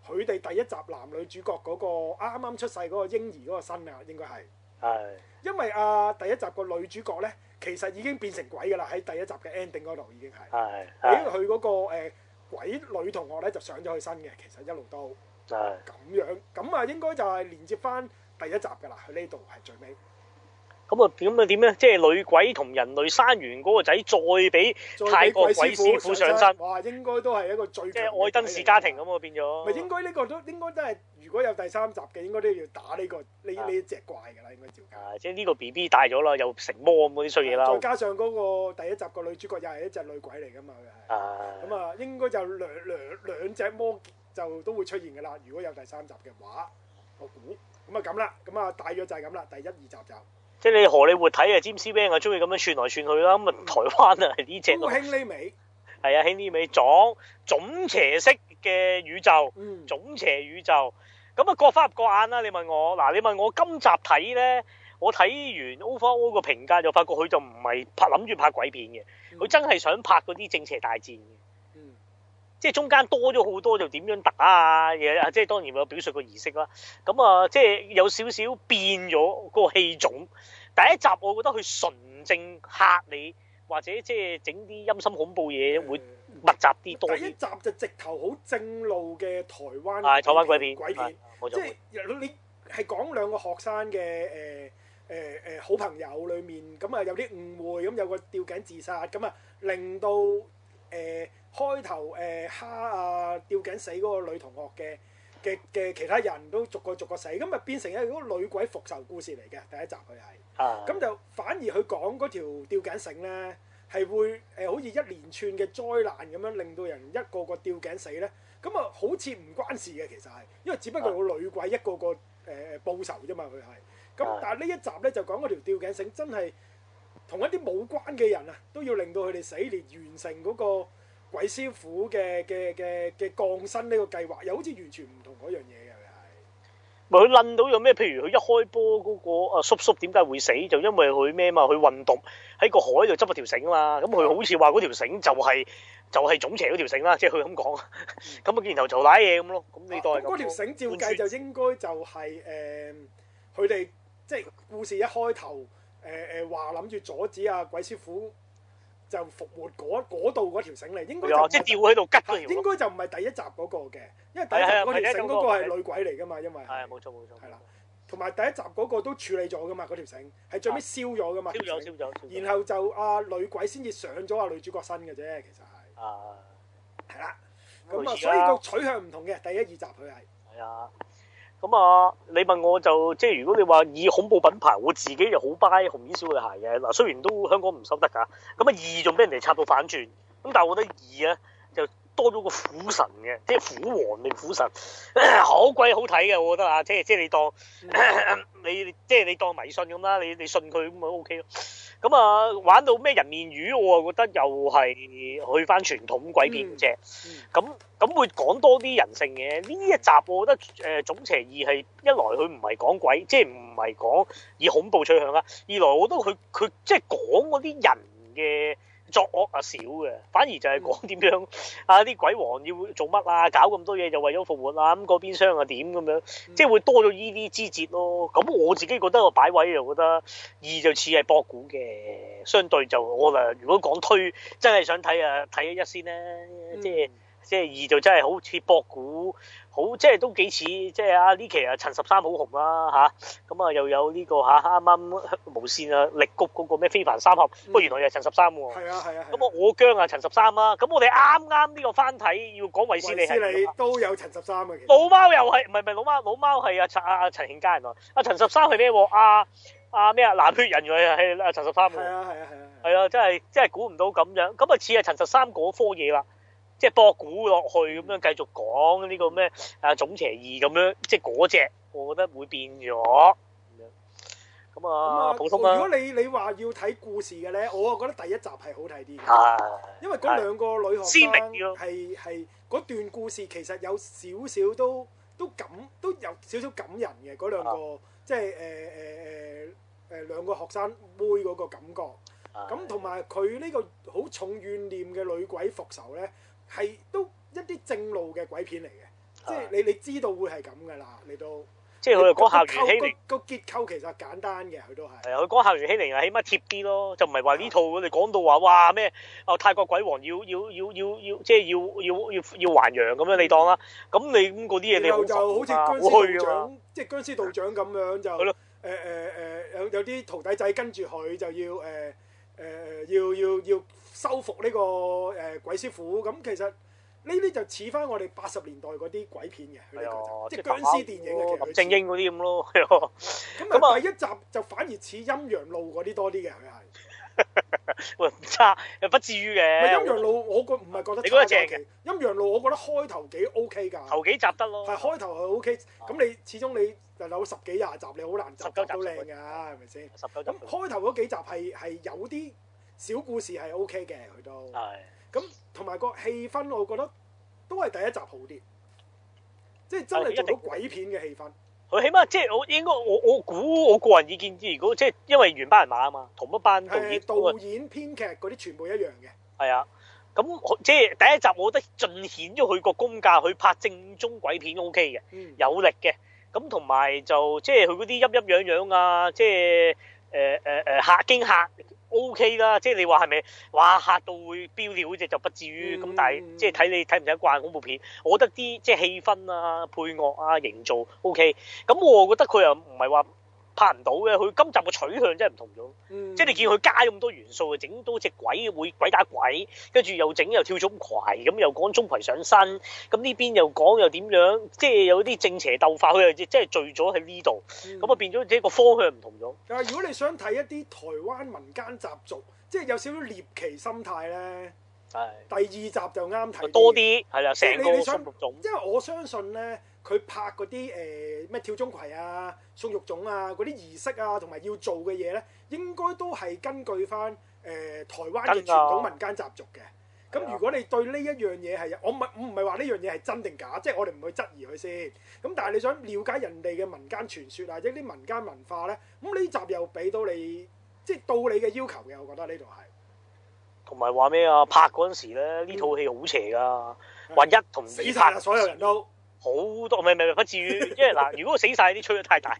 佢哋第一集男女主角嗰、嗰個啱啱出世嗰個嬰兒嗰個身該是啊，應該係，係，因為啊第一集個女主角咧其實已經變成鬼㗎啦，喺第一集嘅 ending 嗰度已經係，是因為佢嗰個、呃鬼女同學咧就上咗去身嘅，其實一路都係咁樣，咁啊應該就係連接翻第一集㗎啦，喺呢度係最尾。咁啊，點啊點咧？即係女鬼同人類生完嗰個仔，再俾泰國鬼師傅上身。哇成！應該都係一個最即係愛登士家庭咁啊，變咗。唔係應該呢個都應該都係。如果有第三集嘅，應該都要打呢，這個呢呢隻怪噶啦，應該照計，啊。即係呢個 B B 大咗啦，又成魔咁嗰啲衰嘢啦。再加上嗰個第一集個女主角又係一隻女鬼嚟噶嘛，佢係。咁啊、嗯，應該就兩兩兩隻魔就都會出現噶啦。如果有第三集嘅話，我估。咁啊，咁啦，咁啊，大咗就係咁啦。第一二集就。即係你荷里活睇啊，詹斯 van 啊，中意咁樣串來串去啦。咁啊，台灣啊，呢隻，嗯。興呢味。係啊，興呢味撞粽邪式嘅宇宙，粽邪、嗯、邪宇宙。咁啊，各花入各眼啦！你問我，嗱，你問我今集睇咧，我睇完 over all 個評價就發覺佢就唔係拍諗住拍鬼片嘅，佢真係想拍嗰啲正邪大戰嘅。嗯。即係中間多咗好多就點樣打啊嘢，即係當然有表述個儀式啦。咁啊，即係有少少變咗個戲種。第一集我覺得佢純正嚇你，或者即係整啲陰森恐怖嘢會密集啲多啲，第一集就直頭好正路嘅台灣嘅對鬼片，鬼片，對即係你係講兩個學生嘅誒誒誒好朋友裏面，咁啊有啲誤會，咁有個吊頸自殺，咁啊令到誒、呃、開頭誒、呃、蝦啊吊頸死嗰個女同學嘅嘅嘅其他人都逐個逐個死，咁啊變成一個女鬼復仇故事嚟嘅第一集佢係，咁、啊、就反而佢講嗰條吊頸繩咧。係會誒、呃、好似一連串嘅災難咁樣令到人一個個吊頸死咧。咁啊，好似唔關事嘅，其實係，因為只不過個女鬼一個個誒、呃、報仇啫嘛，佢係，咁但係呢一集咧就講條吊頸繩真係同一啲冇關嘅人啊，都要令到佢哋死嚟，完成個鬼師傅嘅嘅嘅嘅降生呢個計劃又好似完全唔同樣嘢。咪佢諗到有咩？譬如佢一開波嗰個啊，叔叔點解會死？就因為佢咩嘛？佢運動喺個海度執咗條繩嘛。咁佢好似話嗰條繩就係就係粽邪嗰條繩啦。即係佢咁講。咁啊，然後就賴嘢咁咯。咁呢個係。嗰條繩照計就應該就係誒，佢哋即係故事一開頭誒誒話諗住阻止阿鬼師傅。就復活嗰度嗰條繩嚟，應該就即係吊喺度吉嘅，應該就唔係第一集嗰個嘅，因為第一集嗰條繩嗰個係女鬼嚟㗎嘛，因為係啊，冇錯冇錯，係啦，同埋第一集嗰個都處理咗㗎嘛，嗰條繩係最尾燒咗㗎嘛，燒咗燒咗，然後就阿女鬼先至上咗阿女主角身㗎啫，其實係啊，係啦，咁、嗯、以啊，所以個取向唔同嘅第一第二集佢係係啊。的咁啊，你問我就即係如果你話以恐怖品牌，我自己就好 buy 紅衣小女孩嘅。嗱，雖然都香港唔收得㗎，咁啊二仲俾人哋插到反轉。咁但係我覺得二咧。多咗個虎神嘅，即係虎王定虎神、呃，好鬼好睇嘅，我覺得啊，即係即係你當、呃、你即係你當迷信咁啦，你你信佢咁咪 O K 咯。咁、嗯、啊，嗯、玩到咩人面魚，我啊覺得又係去翻傳統鬼片啫。咁咁會講多啲人性嘅呢一集，我覺得誒，粽、呃、邪二係一來佢唔係講鬼，即係唔係講以恐怖取向啦；二來我都佢佢即係講嗰啲人嘅。作惡啊少嘅，反而就係講點樣、嗯、啊啲鬼王要做乜啊，搞咁多嘢就為咗復活啦、啊，咁嗰邊商啊點咁樣，即係會多咗依啲枝節咯。咁我自己覺得個擺位又覺得二就似係博股嘅，相對就我啊，如果講推真係想睇啊，睇一睇先啦，即係、嗯、即係二就真係好似博股。好，即係都幾似，即係啊呢期啊陳十三好紅啦嚇，咁啊又有呢個嚇，啱啱無線啊力谷嗰個咩非凡三俠，不過原來又係陳十三喎。係啊係啊。咁我我姜啊陳十三啦，咁我哋啱啱呢個翻睇要講衞斯理，衞斯理都有陳十三嘅。老貓又係唔係唔係老貓？老貓係阿陳阿阿陳慶佳原來，阿陳十三係咩阿阿咩啊藍血人原來係阿陳十三喎。係啊係啊係啊。真係真係估唔到咁樣，咁啊似係陳十三嗰科嘢啦。一即係博古落去咁樣，繼續講呢個咩啊《粽邪2》，咁樣，即係嗰隻，我覺得會變咗咁樣。咁啊普通啊，如果你你話要睇故事嘅咧，我啊覺得第一集係好睇啲嘅，的因為嗰兩個女學生係係的的段故事其實有少少都都感都有少少感人嘅，嗰兩個即係誒誒誒誒兩個學生妹嗰個感覺咁，同埋佢呢個好重怨念嘅女鬼復仇咧。係都一啲正路嘅鬼片嚟嘅，即係你你知道會係咁噶啦，你都，即係佢哋講校園欺凌個結構其實簡單嘅，佢都係。係啊，佢講校園欺凌啊，起碼貼啲咯，就唔係話呢套我哋講到話哇咩哦，泰國鬼王要要要要要即係要要要要還陽咁樣，你當啦。咁你嗰啲嘢，你好就好似殭屍道長，即係殭屍道長咁樣就誒誒誒有有啲徒弟仔跟住佢就要誒誒要要要。收復呢個誒鬼師傅咁，其實呢啲就似翻我哋八十年代嗰啲鬼片嘅，佢呢個即係僵屍電影嘅啊，正英嗰啲咁咯。咁啊，第一集就反而似陰陽路嗰啲多啲嘅，佢係。喂，唔差，又不至於嘅。陰陽路我覺唔係覺得。你嗰集正嘅。陰陽路我覺得開頭幾 OK 㗎。頭幾集得咯。係開頭係 OK，咁你始終你有十幾廿集，你好難集集都靚㗎，係咪先？十幾集。咁開頭嗰幾集係係有啲。.小故事係 O K 嘅，佢都咁，同埋個氣氛，我覺得都係第一集好啲，即係真係做到鬼片嘅氣氛。佢、哎、起碼即係我應該我我估我個人意見，如果即係因為原班人馬啊嘛，同一班導演、導演、那個、導演編劇嗰啲全部一樣嘅。係啊，咁即係第一集我覺得盡顯咗佢個功架，去拍正宗鬼片 O K 嘅，嗯、有力嘅。咁同埋就即係佢嗰啲陰陰陽陽啊，即係誒誒誒嚇驚嚇。O K 啦，即係你話係咪？哇，嚇到會飆尿嗰隻就不至於咁，mm hmm. 但係即係睇你睇唔睇慣恐怖片。我覺得啲即係氣氛啊、配樂啊、營造 O K。咁、okay、我覺得佢又唔係話，拍唔到嘅，佢今集嘅取向真係唔同咗。嗯、即係你見佢加咁多元素，又整多隻鬼，會鬼打鬼，跟住又整又跳鍾馗，咁又講鍾馗上身，咁呢邊又講又點樣，即係有啲正邪鬥法，佢又即係聚咗喺呢度，咁啊、嗯、變咗呢個方向唔同咗。但係如果你想睇一啲台灣民間習俗，即、就、係、是、有少少獵奇心態咧，係的第二集就啱睇多啲，係啦，成個種你。因為想我相信咧。佢拍嗰啲誒咩跳鍾馗啊、送肉粽啊嗰啲儀式啊，同埋要做嘅嘢咧，應該都係根據翻誒、呃、台灣嘅傳統民間習俗嘅。咁的如果你對呢一樣嘢係，我唔唔唔係話呢樣嘢係真定假，即係我哋唔去質疑佢先。咁但係你想了解人哋嘅民間傳說啊，或者啲民間文化咧，咁呢集又俾到你，即係到你嘅要求嘅，我覺得呢度係。同埋話咩啊？拍嗰陣時咧，呢套戲好邪㗎，話一同死晒喇！所有人都。好多唔係唔係，明明不至於，因為嗱，如果死晒啲，吹得太大啦，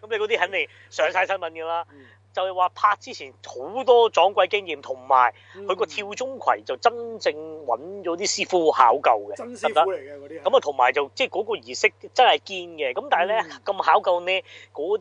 咁 你嗰啲肯定上晒新聞㗎啦。就係話拍之前好多撞鬼經驗，同埋佢個跳鍾馗就真正揾咗啲師傅考究嘅，真師傅嚟嘅得？咁啊，同埋就即係嗰個儀式真係堅嘅。咁但係咧，咁考究呢，嗰啲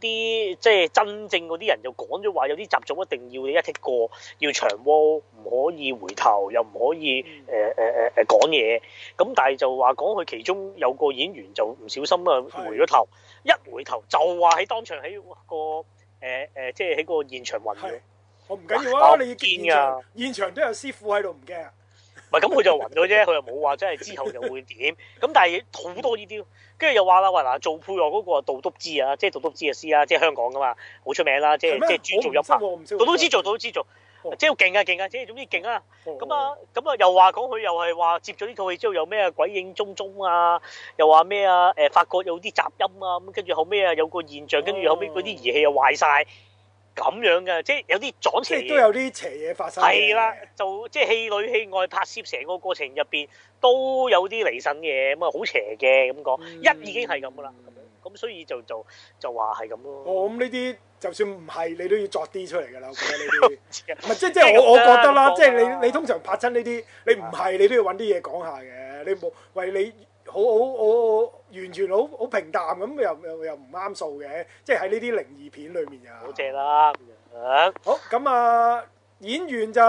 即係真正嗰啲人就講咗話，有啲習俗一定要你一剔過，要長窩，唔可以回頭，又唔可以誒誒誒誒講嘢。咁、嗯呃呃、但係就話講佢其中有個演員就唔小心啊回咗頭，是的 一回頭就話喺當場喺個。誒誒、呃，即係喺個現場暈咗。我唔緊要啊，哇你堅㗎。現場都有師傅喺度，唔驚。唔係咁，佢就暈咗啫，佢又冇話即係之後就會點。咁但係好多呢啲，跟住又話啦喂，嗱，做配樂嗰個杜篤之啊，即係杜篤之啊師啊，即係香港噶嘛，好出名啦，即係嗎即係是專做一行。杜篤之做，杜篤之做。即係勁啊勁啊，即係總之勁啊！咁啊咁啊，又話講佢又係話接咗呢套戲之後又咩啊，鬼影幢幢啊，又話咩啊誒，發覺有啲雜音啊，咁跟住後尾啊有個現象，跟住後尾嗰啲儀器又壞晒，咁樣嘅，即係有啲撞、哦、邪即係都有啲邪嘢發生。係啦，就即係戲裏戲外拍攝成個過程入邊都有啲離神嘢，咁啊好邪嘅咁講，嗯、一已經係咁噶啦，咁所以就就就話係咁咯。哦咁呢啲。就算唔係，你都要作啲出嚟㗎啦。我覺得你啲唔係即係即係我我覺得啦，即係，啊，你你，啊，你，你通常拍親呢啲，你唔係你都要揾啲嘢講下嘅。你冇為你好好好完全好好平淡咁又又又唔啱數嘅，即係喺呢啲靈異片裡面啊。好正啦，的好咁啊，演員就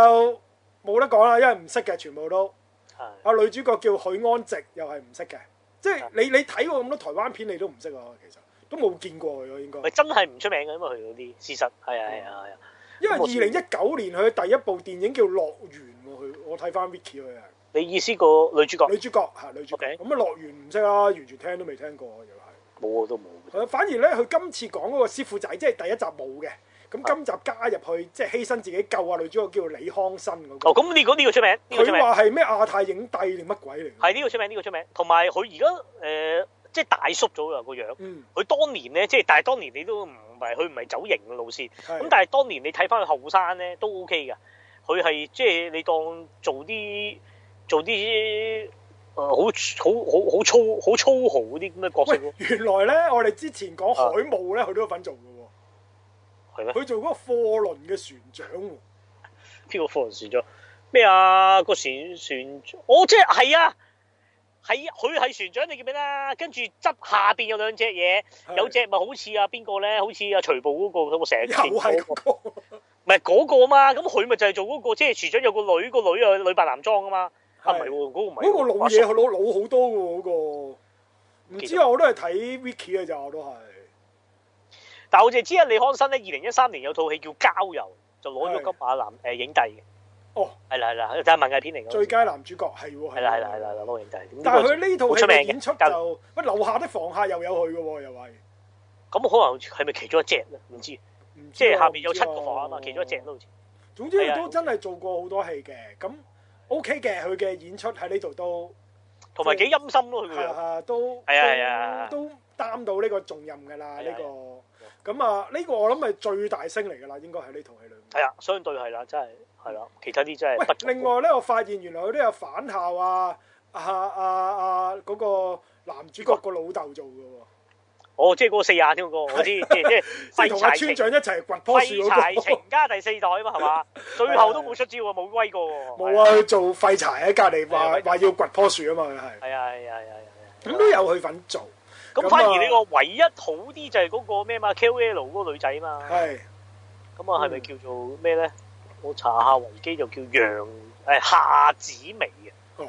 冇得講啦，因為唔識嘅全部都。係啊的，女主角叫許安植，又係唔識嘅。即係，你你睇過咁多台灣片，你都唔識啊，其實。都冇見過佢咯，應該。咪真係唔出名嘅，因為佢嗰啲事實係啊係啊係啊。因為二零一九年佢第一部電影叫《樂園》喎，佢我睇返 Vicky 佢。你意思個女主角？女主角係女主角。咁啊，Okay.《樂園》唔識咯，完全聽都未聽過，又係。冇啊，我都冇。反而咧，佢今次講嗰個師傅仔，即係第一集冇嘅。咁今集加入去，即係犧牲自己救啊！女主角叫李康生喎，嗰個。咁你、哦呢個呢、呢個出名。佢話係咩亞太影帝定乜鬼嚟？係呢、呢個出名，呢、呢個出名。同埋佢而家誒。呃即係大叔咗啦個樣，佢、嗯、當年咧，即係但係當年你都唔係佢唔係走型嘅路線，咁是的 但係當年你睇翻佢後生咧都 OK 嘅，佢係即係你當做啲做啲誒、呃、好好好好粗好粗豪啲咁嘅角色。原來咧，我哋之前講海霧咧，佢都有份做嘅喎，係咩、啊？佢做嗰個貨輪嘅船長，邊嗎個貨輪船長？咩啊？ 個船船，船哦，即係係啊！喺佢係船長，你叫咩啦？跟住執下邊有兩隻嘢，的有隻咪好似阿邊個咧？好似阿、啊、徐步嗰、嗰個，我成日見過、嗰個。唔係嗰個嘛？咁佢咪就係做嗰、嗰個，即係船長有個女，個女啊女扮男裝啊嘛。嚇唔係喎，嗰、啊嗰個唔係。嗰個老嘢，佢老老好多喎，嗰、嗰個。唔知啊，我都係睇 Vicky 啊，就都係。但係我就知啊，李康生咧，二零一三年有套戲叫《郊遊》，就攞咗金馬男誒影帝嘅。的哦，係啦係啦，就係文藝片嚟嘅。最佳男主角係喎，係啦係啦係啦，造型就，但係佢呢套嘅演出就，喂，樓下的房客又有佢嘅喎，又係。咁可能係咪其中一隻咧？唔知，即係下邊有七個房啊嘛，其中一隻都好似。總之都真係做過好多戲嘅，咁 OK 嘅，佢嘅演出喺呢度都，同埋幾陰森咯佢都係啊係啊，都擔到呢個重任噶啦呢個。咁啊，呢個我諗係最大聲嚟噶啦，應該喺呢套戲裏面。係啊，相對係啦，真係。係啦，其他啲真係。另外咧，我發現原來佢都有返校啊！啊啊啊！嗰個男主角個老豆做噶喎。哦，即係個四眼添個，我知。即係同阿村長一齊掘棵樹嗰廢柴情家第四代嘛係嘛？最後都冇出招喎，冇威過。冇啊！做廢柴喺隔離話話要掘棵樹啊嘛，佢係。係啊係啊係啊！咁都有佢份做。咁反而你個唯一好啲就係嗰個咩嘛，K.O.L. 嗰個女仔嘛。係。咁啊，係咪叫做咩咧？我查下維基就叫楊誒、哎、夏子薇嘅，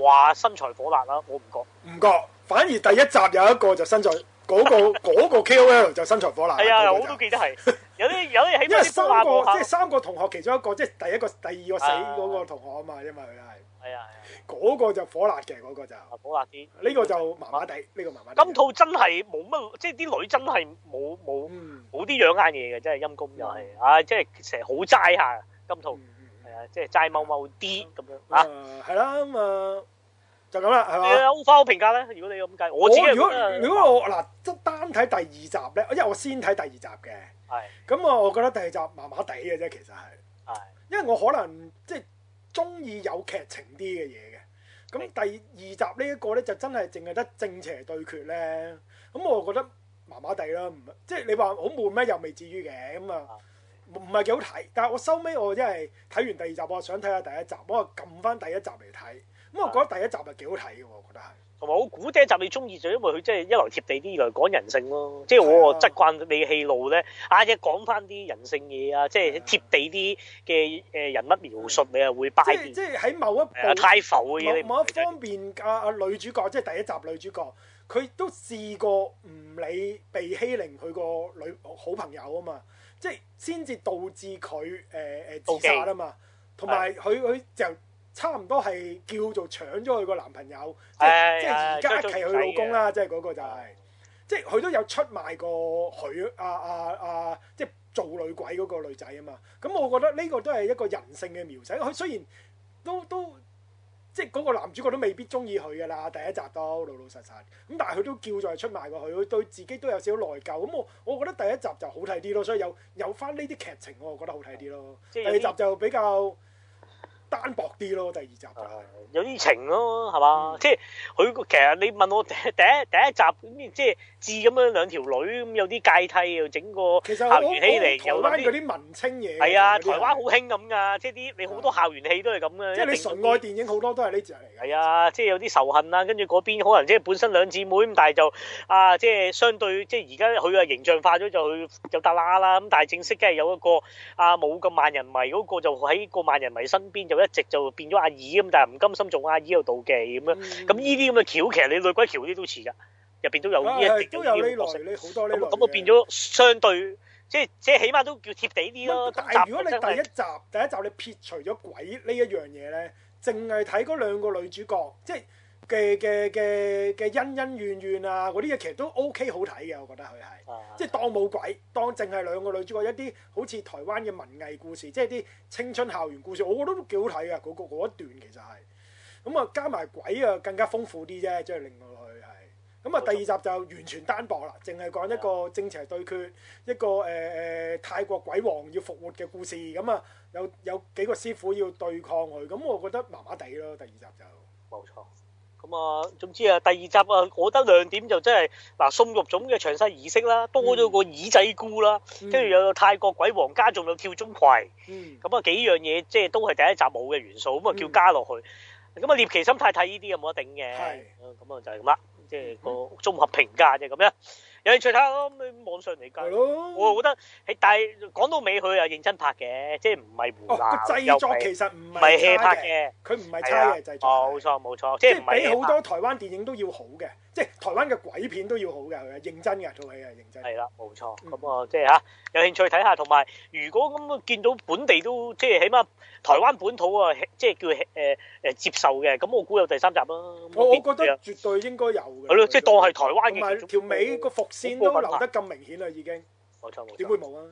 話、哦、身材火辣啦，我唔覺，唔覺，反而第一集有一個就身材，嗰、 嗰個嗰、嗰個 K O L 就身材火辣，係啊， 我都記得係，有啲有啲喺邊。 因為三個即係三個同學，其中一個即係第一個、第二個死嗰個同學啊嘛，因為佢係。 係啊，嗰個就火辣嘅，嗰個就火辣啲。呢個就麻麻地，呢個麻麻地。今套真係冇乜，即係啲女真係冇冇冇啲養眼嘢嘅，真係陰公又係啊！即係成日好齋下今套，係啊，即係齋毛毛啲咁樣吓，係啦咁啊，就咁啦，係嘛？你有花評價咧？如果你咁計，我如果如果我嗱，即係單睇第二集咧，因為我先睇第二集嘅，係咁我我覺得第二集麻麻地嘅啫，其實係，係，因為我可能即係。中意有劇情啲嘅嘢嘅，咁第二集呢一個呢，就真係淨係得正邪對決呢。咁我覺得麻麻地啦，唔即係你話好悶咩？又未至於嘅，咁啊唔唔係幾好睇。但係我收尾我真係睇完第二集，我想睇下第一集，我撳翻第一集嚟睇，咁我覺得第一集係幾好睇嘅喎，我覺得係。同埋我估第一集你中意就因為佢真係一來貼地啲，二來講人性咯。即係我執慣你嘅戲路咧，阿姐講翻啲人性嘢是啊，即係是、啊、貼地啲嘅誒人物描述，嗯、你又會拜。即係喺某一部、哎、太浮嗰啲。某一方面，阿阿、啊、女主角即係第一集女主角，佢都試過唔理被欺凌佢個女好朋友啊嘛，即係先至導致佢誒誒自殺啊嘛。同埋佢佢就。的差唔多係叫做搶咗佢個男朋友，哎、呀即即而家係佢老公啦，即係嗰個就係、是，嗯、即係佢都有出賣過佢，啊啊啊，即係做女鬼嗰個女仔啊嘛。咁我覺得呢個都係一個人性嘅描寫。佢雖然都都即係嗰個男主角都未必中意佢噶啦，第一集都老老實實咁，但係佢都叫做出賣過佢，佢對自己都有少少內疚。咁我我覺得第一集就好睇啲咯，所以有有翻呢啲劇情我就覺得好睇啲咯，嗯、第二集就比較。單薄啲咯，第二集有啲情咯，係嘛？即係佢其實你問我第一第一集咁，即係。字咁樣兩條女，咁有啲階梯又整個校園戲嚟，有啲文青嘢。係啊，台灣好興咁噶，即係啲你好多校園戲都係咁嘅。即係你純愛電影好多都係呢隻嚟㗎。係啊，即係有啲仇恨啊，跟住嗰邊可能即係本身兩姊妹咁，但係就啊，即係相對即係而家佢啊形象化咗就就得啦啦咁，但係正式梗係有一個啊冇咁萬人迷嗰個就喺個萬人迷身邊就一直就變咗阿姨咁，但係唔甘心做阿姨又妒忌咁樣，咁呢啲咁嘅橋其實你女鬼橋啲都似㗎。入邊都有呢啲，啊嗯、有都有呢類型，你好多，呢啊咁啊變咗相對，即係即係起碼都叫貼地啲咯。但係如果你第一集,是第,一集第一集你撇除咗鬼呢一樣嘢咧，淨係睇嗰兩個女主角，即係嘅嘅嘅嘅恩恩怨怨啊嗰啲嘢，其實都 OK 好睇嘅，我覺得佢係，啊、即係當冇鬼，當淨係兩個女主角一啲好似台灣嘅文藝故事，即係啲青春校園故事，我覺得都幾好睇啊嗰嗰一段其實係，咁啊加埋鬼啊更加豐富啲啫，即係令外。咁啊，第二集就完全單薄啦，淨係講一個正邪對決，一個誒誒、呃、泰國鬼王要復活嘅故事。咁啊，有有幾個師傅要對抗佢，咁我覺得麻麻地咯。第二集就冇錯。咁啊，總之啊，第二集啊，我覺得亮點就真係嗱，送肉粽嘅詳細儀式啦，多咗個耳仔菇啦，跟住有泰國鬼王加，仲有跳鍾馗。咁啊，幾樣嘢即係都係第一集冇嘅元素，咁啊叫加落去。咁啊、嗯，獵奇心態睇呢啲有冇得頂嘅。係是。咁啊、嗯，就係咁啦。即係個綜合評價啫咁樣，有興趣睇下咯。你網上嚟計，的我覺得，但係講到尾佢又認真拍嘅，即係唔係胡鬧。哦，個製作其實唔係拍嘅，佢唔係差嘅的製作。冇錯冇錯，錯即唔係比好多台灣電影都要好嘅。即係台灣嘅鬼片都要好嘅，認真嘅做戲係認真。係啦，冇錯。咁、嗯我即係、啊，即係吓，有興趣睇下，同埋如果咁見到本地都即係起碼台灣本土啊，即係叫誒誒、呃、接受嘅，咁我估有第三集囉。我我覺得絕對應該有嘅。係咯了，了即係當係台灣。同埋條尾個伏線都留得咁明顯啦，已經。冇錯冇錯。點會冇啊？